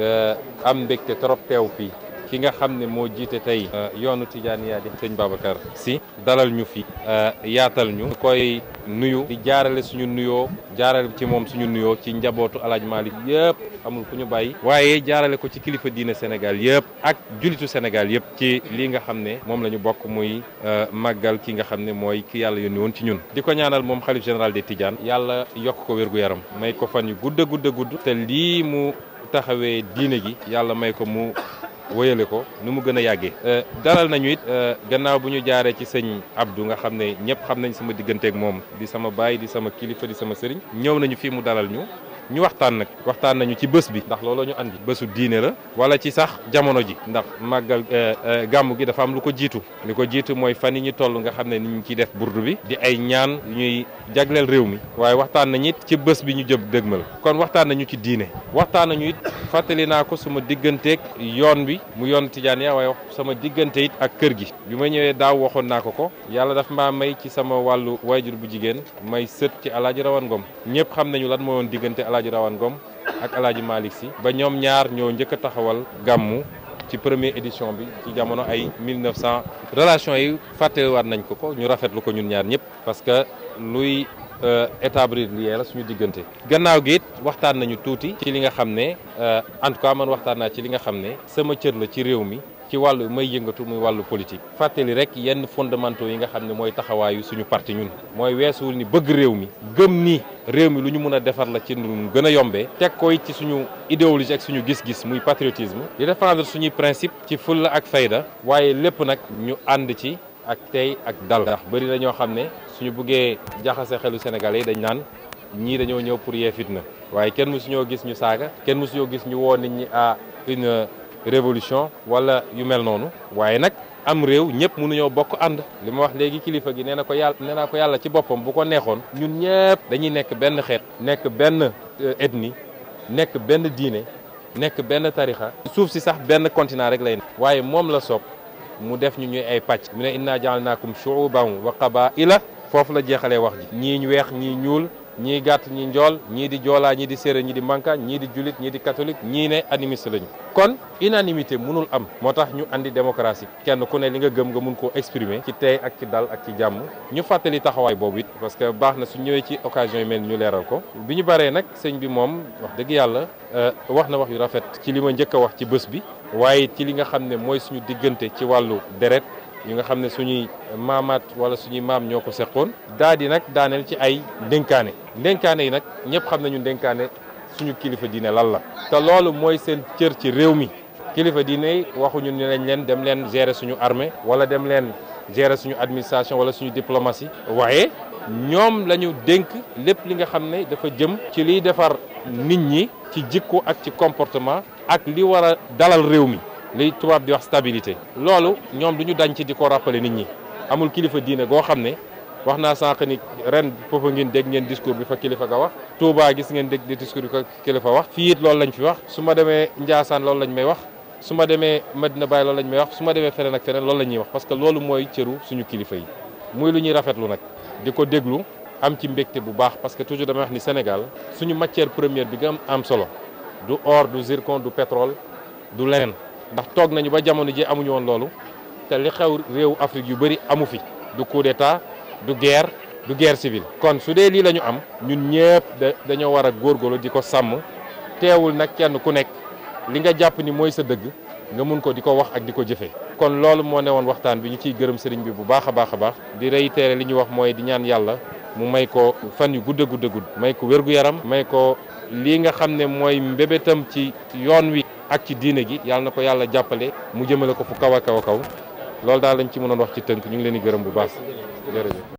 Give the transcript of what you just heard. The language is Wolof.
Euh, am mbégte trop teew fii ki nga xam ne moo jiite tey euh, yoonu Tidiane yaa di sëñ Babacar si dalal ñu fi euh, yaatal ñu koy nuyu di jaarale suñu nuyoo jaarale ci moom suñu nuyoo ci njabootu alaaj Malick yëpp amul ku ñu bàyyi waaye jaarale ko ci kilifa diine Sénégal yëpp ak julitu Sénégal yëpp ci li nga xam ne moom la ñu bokk muy maggal ki nga xam ne mooy ki yàlla yónni woon ci ñun di ko ñaanal moom xalif général de Tidiane yàlla yokk ko wér gu yaram may taxawee diine gi yàlla may ko mu wéyale ko nu mu gën a yàggee. Euh, dalal nañu it euh, gannaaw bu ñu jaaree ci sëñ Abdou nga xam ne ñëpp xam nañ sama digganteek moom di sama baay di sama kilifa di sama sëriñ ñëw nañu fii mu dalal ñu. ñu waxtaan nag waxtaan nañu ci bës bi ndax looloo ñu andi bësu diine la wala ci sax jamono ji ndax màggal euh, euh, gàmm gi dafa am lu ko jiitu li ko jiitu mooy fan yi ñu toll nga xam ne ni ñu ciy def burdu bi di ay ñaan ñuy jagleel réew mi waaye waxtaan nañu it ci bës bi ñu jëm dëgmal kon waxtaan nañu ci diine waxtaan nañu it fàttali naa ko suma digganteeg yoon bi mu yoon Tijaaniya waaye sama diggante it ak kër gi bi ma ñëwee daaw waxoon naa ko ko yàlla daf maa may ci sama wàllu waajur bu jigéen may sët ci alaaji rawan ngom ñëpp xam nañu lan moo woon diggante alaaji Rawane Ngom ak alaaji Malick Sy ba ñoom ñaar ñoo njëkk a taxawal gàmmu ci premier édition bi ci jamono ay 1900 relation yi fàttewaat nañ ko ko ñu rafetlu ko ñun ñaar ñëpp parce que luy euh, établir li la suñu diggante gannaaw gi waxtaan nañu tuuti ci li nga xam ne euh, en tout cas man waxtaan naa ci li nga xam ne sama cër la ci réew mi ci wàllu may yëngatu muy wàllu politique fàttali rek yenn fondamentaux yi nga xam ne mooy taxawaayu suñu parti ñun mooy weesuwul ni bëgg réew mi gëm ni réew mi lu ñu mën a defar la ci nu gën a yombee teg ko it ci suñu idéologie ak suñu gis-gis muy patriotisme di défendre suñuy principe ci fulla ak fayda waaye lépp nag ñu ànd ci ak tey ak dal ndax bëri na ñoo xam ne suñu buggee jaxase xelu sénégalais yi dañ naan ñii dañoo ñëw pour yee fitna waaye kenn mësuñoo gis ñu saaga kenn mësuñoo gis ñu woo nit ñi à révolution wala yu mel noonu waaye nag am réew ñëpp mënuñoo bokk ànd li ma wax léegi kilifa gi nee na ko yàlla nee naa ko yàlla ci boppam bu ko neexoon ñun ñëpp dañuy nekk benn xeet nekk benn euh, ethnie nekk benn diine nekk benn tarixa suuf si sax benn continent rek lay waaye moom la soob mu def ñu ñuy ay pàcc mu ne inna jaalnaakum shuuban wa qabaila foofu la jeexalee wax ji ñii weex ñii ñuul ñii gàtt ñi njool ñii di joolaa ñii di séeréer ñii di manka ñii di julit ñii di catholique ñii ne animiste lañu kon unanimité mënul am moo tax ñu andi démocratie kenn ku ne li nga gëm nga mun ko exprimer ci tey ak ci dal ak ci jàmm ñu fàttali taxawaay boobu it parce que baax na su ñëwee ci occasion yi mel ñu leeral ko bi ñu baree nag sëñ bi moom wax dëgg yàlla euh, wax na wax yu rafet ci li ma njëkk a wax ci bés bi waaye ci li nga xam ne mooy suñu diggante ci wàllu deret yi nga xam ne suñuy maamaat wala suñuy maam ñoo ko seqoon daa di nag daaneel ci ay ndénkaane ndénkaane yi nag ñëpp xam nañu ndénkaane suñu kilifa diine lan la te loolu mooy seen cër ci réew mi kilifa diine yi waxuñu ne lañ leen dem leen gere suñu armee wala dem leen gérer suñu administration wala suñu diplomatie waaye ñoom la ñu dénk lépp li nga xam ne dafa jëm ci liy defar nit ñi ci jikko ak ci comportement ak li war a dalal réew mi liy tubaab bi wax stabilité loolu ñoom du ñu dañ ci di ko rappeler nit ñi amul kilifa diine goo xam ne wax naa sànq ni ren foofa ngeen dégg ngeen discours bi fa kilifa ga wax Touba gis ngeen dégg di discours bi fa kilifa wax fii it loolu lañ fi wax su ma demee Njaasaan loolu lañ may wax su ma demee Medina Baye loolu lañ may wax su ma demee feneen ak feneen loolu la ñuy wax parce que loolu mooy cëru suñu kilifa yi muy lu ñuy rafetlu nag di ko déglu am ci mbégte bu baax parce que toujours dama wax ni Sénégal suñu matière première bi nga am am solo du or du zircon du pétrole du leneen ndax toog nañu ba jamono ji amuñu woon loolu te li xew réew Afrique yu bëri amu fi du coup d'état du guerre du guerre civile. kon su dee lii lañu am ñun da dañoo war a góorgóorlu di ko sàmm teewul nag kenn ku nekk li nga jàpp ni mooy sa dëgg nga mun ko di ko wax ak di ko jëfe kon loolu moo ne woon waxtaan bi ñu ciy gërëm sëriñ bi bu baax a baax a baax di rey réitéré li ñu wax mooy di ñaan yàlla mu may ko fan yu gudd a gudd gudd may ko wér gu ci yoon wi ak ci diine gi yàlla na ko yàlla jàppale mu jëmale ko fu kaw a kaw a kaw loolu daal lañ ci mënoon wax ci tënk ñu ngi leen di gërëm bu baax jërëjëf